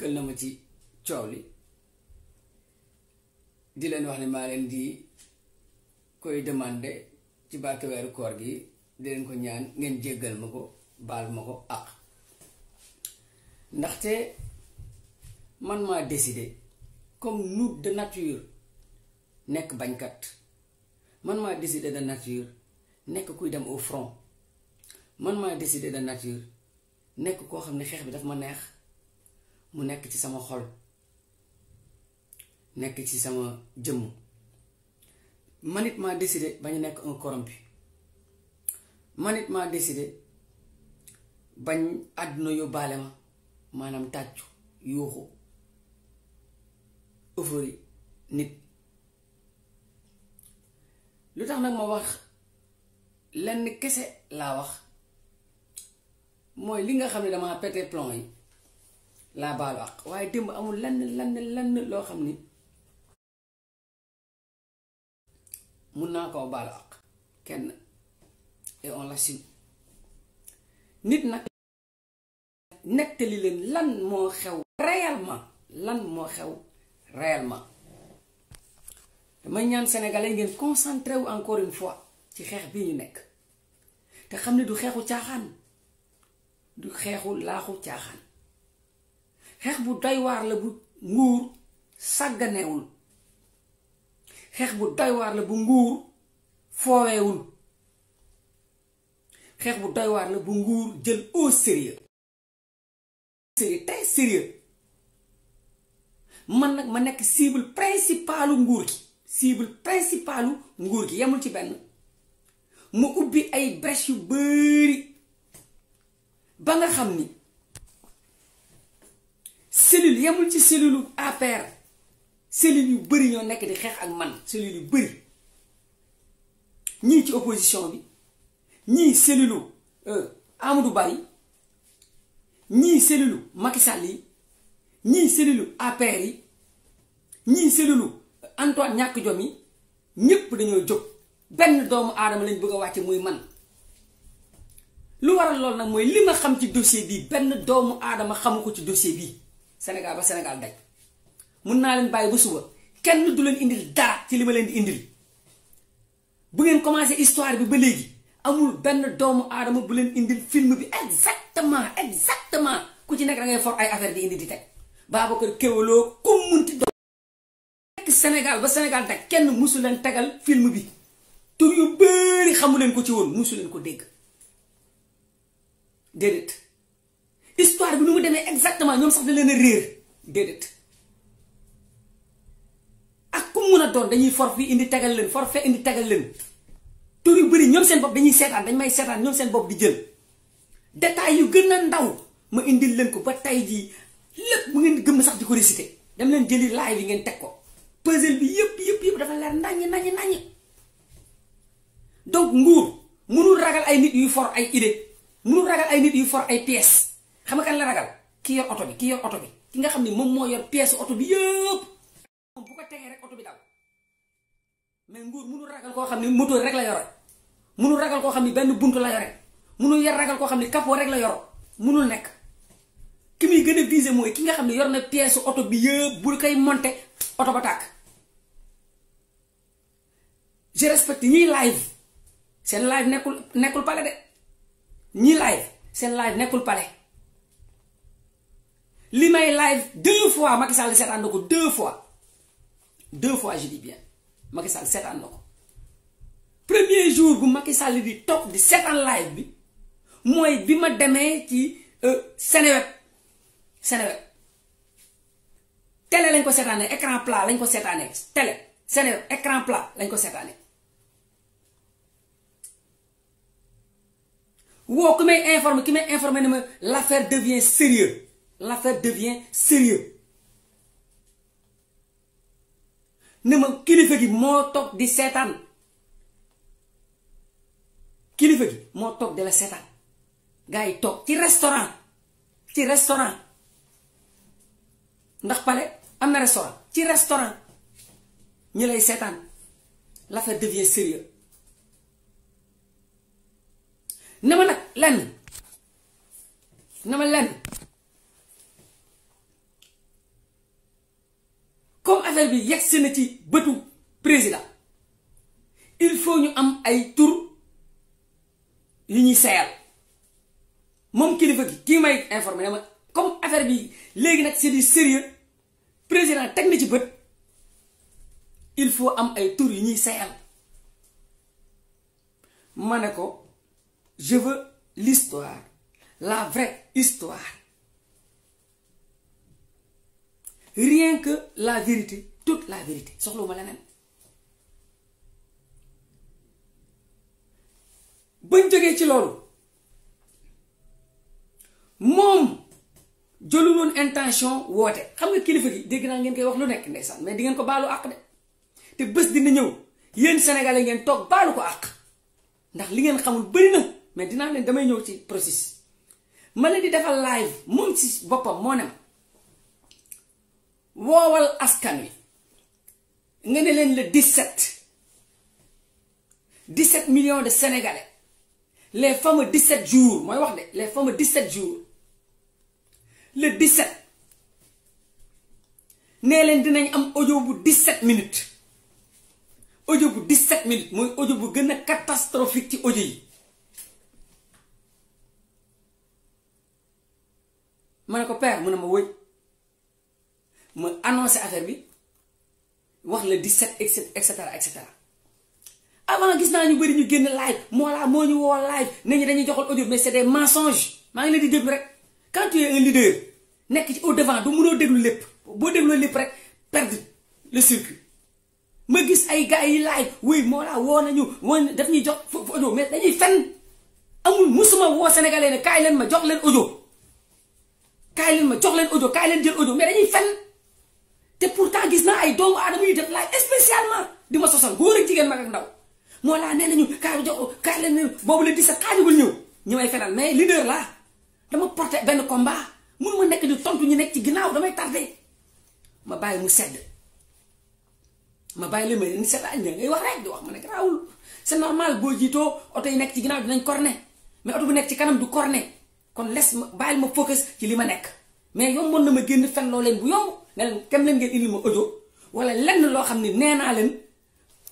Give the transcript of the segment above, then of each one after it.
dikkal na ma ci coow li di leen wax ne maa leen di koy demandé ci barke weeru koor gi di ko ñaan ngeen jéggal ma ko baal ma ko àq ndaxte man maa décidé comme nuut de nature nekk bañkat man maa décidé de nature nekk kuy dem au front man maa décidé de nature nekk koo xam ne xeex bi daf ma neex mu nekk ci sama xol nekk ci sama jëmm man it maa décidé bañ nekk un corrompu bi it maa décidé bañ àdduna yóbbaale ma maanaam tàccu yuuxu ëffëri nit lu tax nag ma wax lenn kese laa wax mooy li nga xam ne damaa pété plomb yi laa baalu àq waaye démb amul lenn lenn lenn loo xam ni mun naa koo baalu àq kenn et on l'assume nit nag nettali leen lan moo xew réellement lan moo xew réellement damay ñaan sénégalais ngeen concentré wu encore une fois ci xeex bii ñu nekk te xam ne du xeexu caaxaan du xeexu laaxu caaxaan xeex bu doy la bu nguur sàgganewul xeex bu doy waar la bu nguur fooweewul xeex bu doy la bu nguur jël au sérieux sérieux très man nag ma nekk cible principalu nguur gi cible principalu nguur gi yemul ci benn ma ubbi ay brèche yu bari ba nga xam ni cellule yemul ci cellule APR cellule yu bëri ñoo nekk di xeex ak man cellule yu bëri ñii ci opposition bi ñii cellule euh, Amadou Ba yi ñii cellule Macky yi ñii cellule APR yi ñii cellule Antoine ñàkk jom yi ñépp dañoo jóg benn doomu aadama lañ bëgg a wàcce muy man lu waral loolu nag mooy li ma xam ci dossier bi benn doomu aadama xamu ko ci dossier bi Sénégal ba Sénégal daj mun naa leen bàyyi ba suba kenn du leen indil dara ci li ma leen di indil bu ngeen commencé histoire bi ba léegi amul benn doomu aadama bu leen indil film bi exactement exactement ku ci nekk da ngay for ay affaire di indi di teg Babacar Keweloo ku munti doon nekk Sénégal ba Sénégal daj kenn musu leen tegal film bi tur yu bëri xamu ko ci woon musu leen ko dégg histoire bi nu mu demee exactement ñoom sax da leen a réer déedéet ak ku mun a doon dañuy for fii indi tegal leen for fee indi tegal leen tur yu bëri ñoom seen bopp dañuy seetaan dañ may seetaan ñoom seen bopp di jël détails yu gën a ndaw ma indi leen ko ba tay jii lépp mu ngeen gëm sax di ko réciter dem leen jëli laay bi ngeen teg ko puzzle bi yëpp yëpp yëpp dafa leer naññi naññi naññi donc nguur mënul ragal ay nit yuy for ay idée mënul ragal ay nit yuy for ay pièces xama kan la ragal ki yor auto bi ki yor auto bi ki nga xamni mom mo yor pièce auto bi yëpp mom bu ko téxé rek auto bi daw mais nguur munu ragal ko xamni moto rek la munu ragal ko xamni benn buntu la munu yar ragal ko xamni capo rek la yor munul nek ki mi gëna viser moy ki nga xamni yor na pièce auto bi bu kay monter auto ba tak je respecte live Sen live nekul nekul pale de ñi live sen live nekul pale L'email live deux fois Je Sall deux fois deux fois je dis bien Macky Sall premier jour vous Macky Sall di top di ans live bi mooy je suis ci euh, Seneweb Seneweb télé lañ ko un écran plat lañ ko télé écran plat lañ ko seetaanee ki m'a l'affaire devient sérieuse l'affaire devient sérieux ne le fait gi moo de di seetaan kilifa gi moo toog di la seetaan gars yi toog ci restaurant ci restaurant ndax pale am restaurant ci restaurant ñi lay seetaan l'affaire devient sérieux ne ma nag lenn ne ma lenn affaire bi yegg si na ci bëtu président il faut ñu am ay tour yu ñi sayal mom kilifa gi kii may informer dama comme affaire bi légui nak c'est du sérieux président tek na ci bët il faut am ay tour yi ñi sayal ma ko je veux l'histoire la vraie histoire rien que la vérité tout la vérité soxlawuma leneen bañ jógee ci loolu moom jëlul woon intention woote xam nga kilifa gi dégg naa ngeen koy wax lu nekk sax mais di ngeen ko baalu àq de te bés dina ñëw yéen sénégalais ngeen toog baalu ko àq ndax li ngeen xamul bëri na mais dinaa leen damay ñëw ci processus ma leen di defal live moom si boppam moo ne ma woowal askan wi nga le 17 17 millions de sénégalais les femmes 17 jours moy wax de les femmes 17 jours le 17 ne leen dinañ am audio bu 17 minutes audio bu 17 minutes moy audio bu minutes. catastrophique ci audio yi ko père ma wax la 17 et cetera et cetera avant gis naa ñu bëri ñu génn live mo la mo ñu wo live ne ñu dañuy joxal audio mais c'est des mensonges ma ngi leen di déglu rek quand tu es un leader nek ci au devant du mëno déglu lépp bo déglu lépp rek perdre le circuit ma gis ay gars yi live oui mo la wo nañu woon daf ñuy jox audio mais dañuy fenn amul musuma wo sénégalais ne kay leen ma jox leen audio kay leen ma jox leen audio kay leen jël audio mais dañuy fenn. té pourtant gis na ay doomu adam yu def laaj spécialement di ma sosal goor ak jigen mag ak ndaw mo la né nañu kaay jo kaay la né bobu le di sa ñew ñëw may mais leader la dama porté ben combat mun ma nek di tontu ñu nek ci ginaaw damay tardé ma bàyyi mu sedd ma bàyyi le may ni sa añ ñay wax rek di wax mané grawul c'est normal bo jito auto yi nek ci ginaaw dinañ corné mais auto bu nek ci kanam du corné kon laisse ma bàyyil ma focus ci li ma nekk mais yomboon na ma genn fenn lo len bu yomb ne leen kam leen ngeen indi ma audio wala lenn lo xamni neena len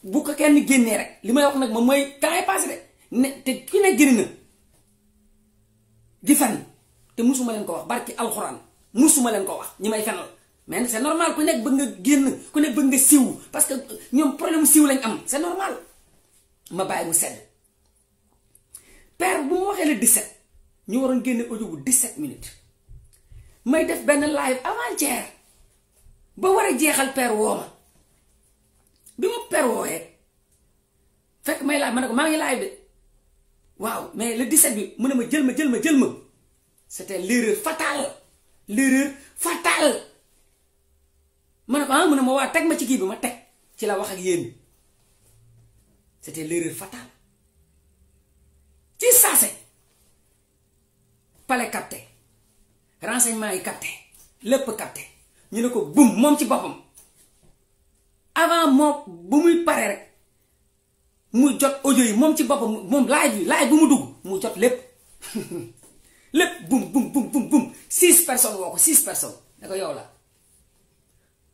bu ko kenn genné rek limay wax nak mom moy temps passé dé té te ki ne génn di fan té musuma len ko wax barki alxuraan musuma len ko wax ñi may fenal mais c'est normal ku nek bëgg nga génn ku nek bëgg nga siiw parce que ñom problème siw lañ am c'est normal ma bay mu sedd père bu mu waxé le 17 ñu waron génne audio bu 17 minutes may def ben live avant-hier ba war a jeexal per woo ma bi mu per wooyee fekk may laaj ma ne ko maa ngi laaj de waaw mais le 17 bi mu ne ma jël ma jël ma jël ma c'était l'erreur fatale l'erreur fatale ma ne ko ah mu ne ma waa teg ma ci kii bi ma teg ci la wax ak yéen c'était l'erreur fatale ci saase pale capté renseignement yi capté lépp capté ñu ne BOUM, boum ci avant moom bu muy pare rek mu jot audio yi moom ci boppam moom laaj yi laaj bu mu dugg mu jot BOUM, BOUM, BOUM, BOUM, BOUM. boum boum six personnes woo six personnes ne ko yow la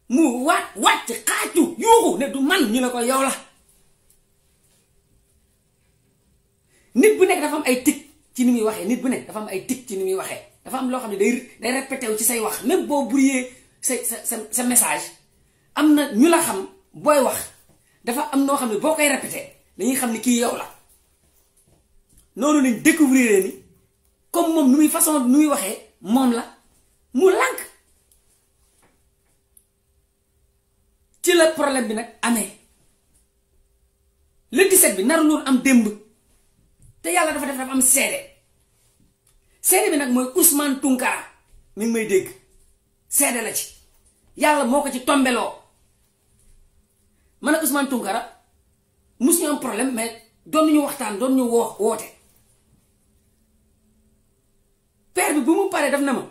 mu waat wàcc boum, yuuxu ne du man ñu ne ko yow la nit bu nekk dafa am ay tic ci ni muy waxee nit bu nekk dafa am ay tic ci ni muy waxee dafa am loo day day répété sa sa sa message am na ñu la xam booy wax dafa am noo xam ne boo koy répété dañuy xam ni kii yow la noonu lañ découvrir ni comme moom nu muy façon nu muy waxee moom la mu lànk ci la problème bi nag amee le set bi nar loon am démb te yàlla dafa def dafa am seede seede bi nag mooy Ousmane Tounkara mi ngi may dégg seede la ci yalla moko ci tombeloo man Ousmane Tounkara mus ñu un problème mais doon ñu waxtaan doon ñu woo père bi bu mu paré daf na ma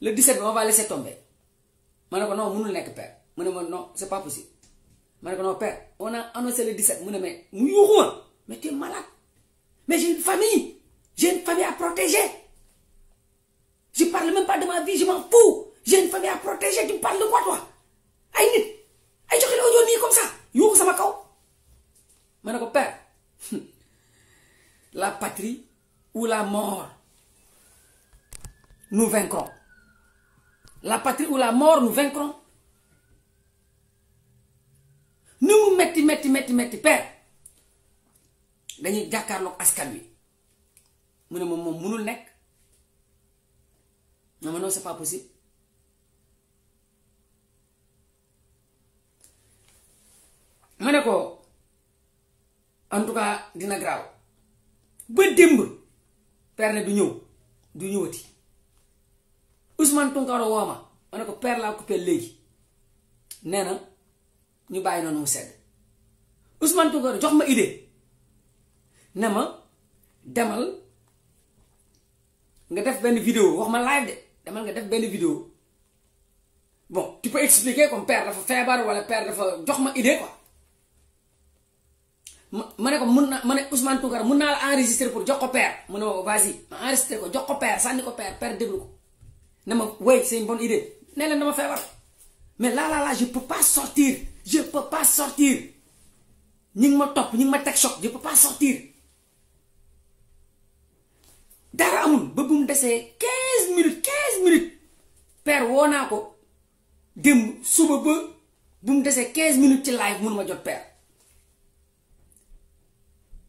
le 17 on va laisser tomber je ne ko non mënul nek père mu ma non c'est pas possible ma on ko non père on a annoncé le 17 mu ne mais mais tu es malade mais j'ai une famille j'ai une famille à protéger je parle même pas de ma vie je m'en fous j'ai une famille à protéger tu parles de moi toi Aïe, nit ay la comme ça sama kaw père la patrie ou la mort nous vaincrons la patrie ou la mort nous vaincrons Nous mettons. metti metti metti père à non non c'est pas possible ma ko en tout cas dina graw ba demb perne du ñew du ñewati Ousmane Tunkara woo ma ko per la coupé légui néna ñu bàyyi nonu sedd Ousmane Tunkara jox ma idée ne demal nga def ben vidéo wax ma live de demal nga def ben vidéo bon tu peux expliquer comme père dafa wala père dafa jox ma idée quoi mané ko mën mané Ousmane Tounkara mën na la enregistrer pour jox ko père mën ko vas-y ma ko jox ko père sanni ko père père déglu ko ne ma wey c'est une bonne idée né la dama fébar mais là là là je peux pas sortir je peux pas sortir ñi ma top ñi ma tek choc je peux pas sortir dara amul ba bu mu desee 15 minutes 15 minutes père woo naa ko démb suba ba bu mu desee 15 minutes ci live mun ma jot père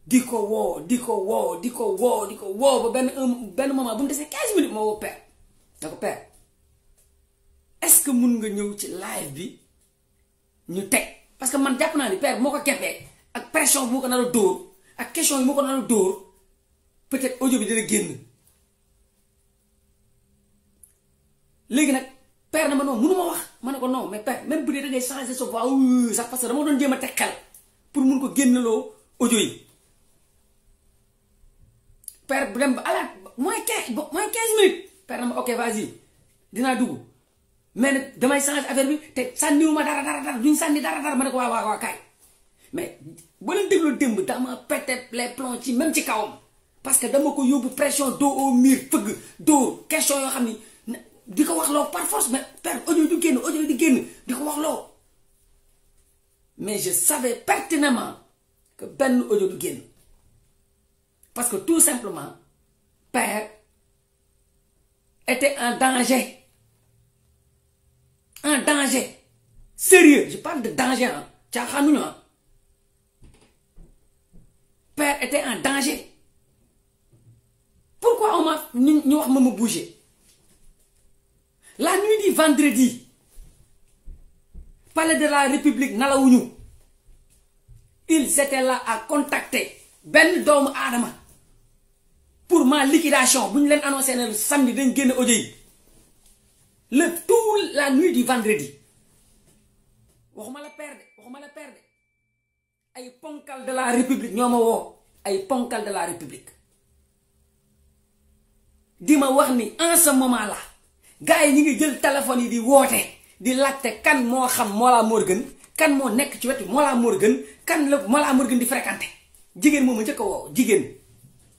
di ko woo di ko woo di ko woo di ko woo ba benn benn moment bu mu desee quinze minutes moo woo père da ko père est-ce que mun nga ñëw ci live bi ñu teg parce que man jàpp naa ni père moo ko keppee ak pression bi mu ko nar a dóor ak question yi mu ko nar a dóor peut-être audio bi dina génn léegi nag per na ma non mënuma wax ma ne ko non mais père même bu dee da ngay changer sa voix sax parce que dama doon jëm a teg xel pour mun ko génnaloo audio yi père bu dem ba moins 15 moins 15 minutes père ok vas-y dina dugg mais nag damay changer affaire bi te sànniwuma dara dara dara duñ sànni dara dara ma ne ko waa waa waa kaay mais ba leen dégloo démb dama pété les plombs ci même ci kawam parce que dama ko yobu pression dos au mur fëgg dóor question yo xamni diko wax lo par force mais père audio du guen audio di guen diko wax lo mais je savais pertinemment que ben audio du guen parce que tout simplement, Père était en danger. En danger. Sérieux, je parle de danger. Hein. Hein. Père était en danger. Pourquoi on m'a nous bouger La nuit du vendredi, palais de la République Nalaounou, ils étaient là à contacter Ben Dom Adama pour ma liquidation bu ñu annoncé le samedi dañ génn audio le tout la nuit du vendredi waxuma la perdre, waxuma la perdre. ay ponkal de la république ñoo ma dit. ay de la république Dima ma wax ni en ce moment là gars y ñu ngi jël téléphone yi di woote di laté kan mo xam la morgan kan mo nek ci wetu Mola Morgan. kan la Morgan di fréquenté Jigen mo ma njëkk a woo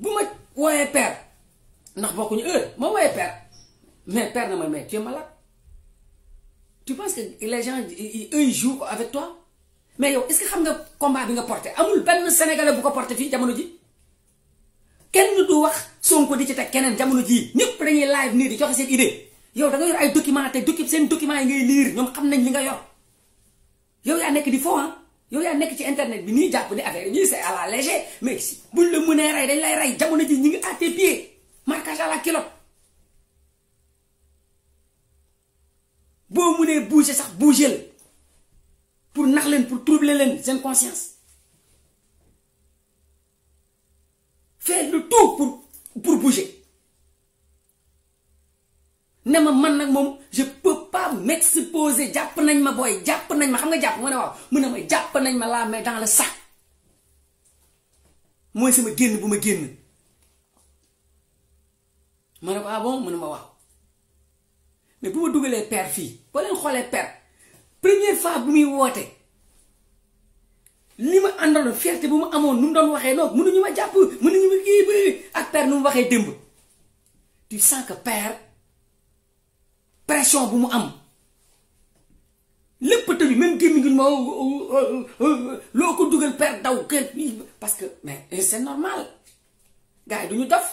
bu père ndax ne eh, père mais père tu es malade tu penses que les gens jouent avec toi mais est-ce que xam nga combat bi nga porté amul dit sénégalais bu ko porté fii jamono ji que dire wax Sonko di ci teg keneen jamono live di joxe idée yow da nga yor documents documents tu ngay lire xam nañ li nga yor yow un di hein yow ya nek ci internet bi ne affaire c'est à la légère mais si dañ lay jamono ngi à tes pieds marquage à la kilo, bo ne bouger sax bouger pour nax pour troubler leen conscience fais le tout pour bouger ne man je peux pas m'exposer japp nañ ma boy, japp nañ ma xam nga ma ne waaw mo ne ma pas nañ ma dans le sac moy sama buma ma génn ma ne ah ma mais buma vous les père fii boo len xolé père première fois bu me ma fierté buma ma num nu waxé nok waxee noonu mënuñu ma ak père num waxé demb tu sens que père pression bu mu am lépp tëju même gémmiñ ma euh, euh, euh, loo ko dugal per daw kër parce que mais c'est normal gars yi du ñu def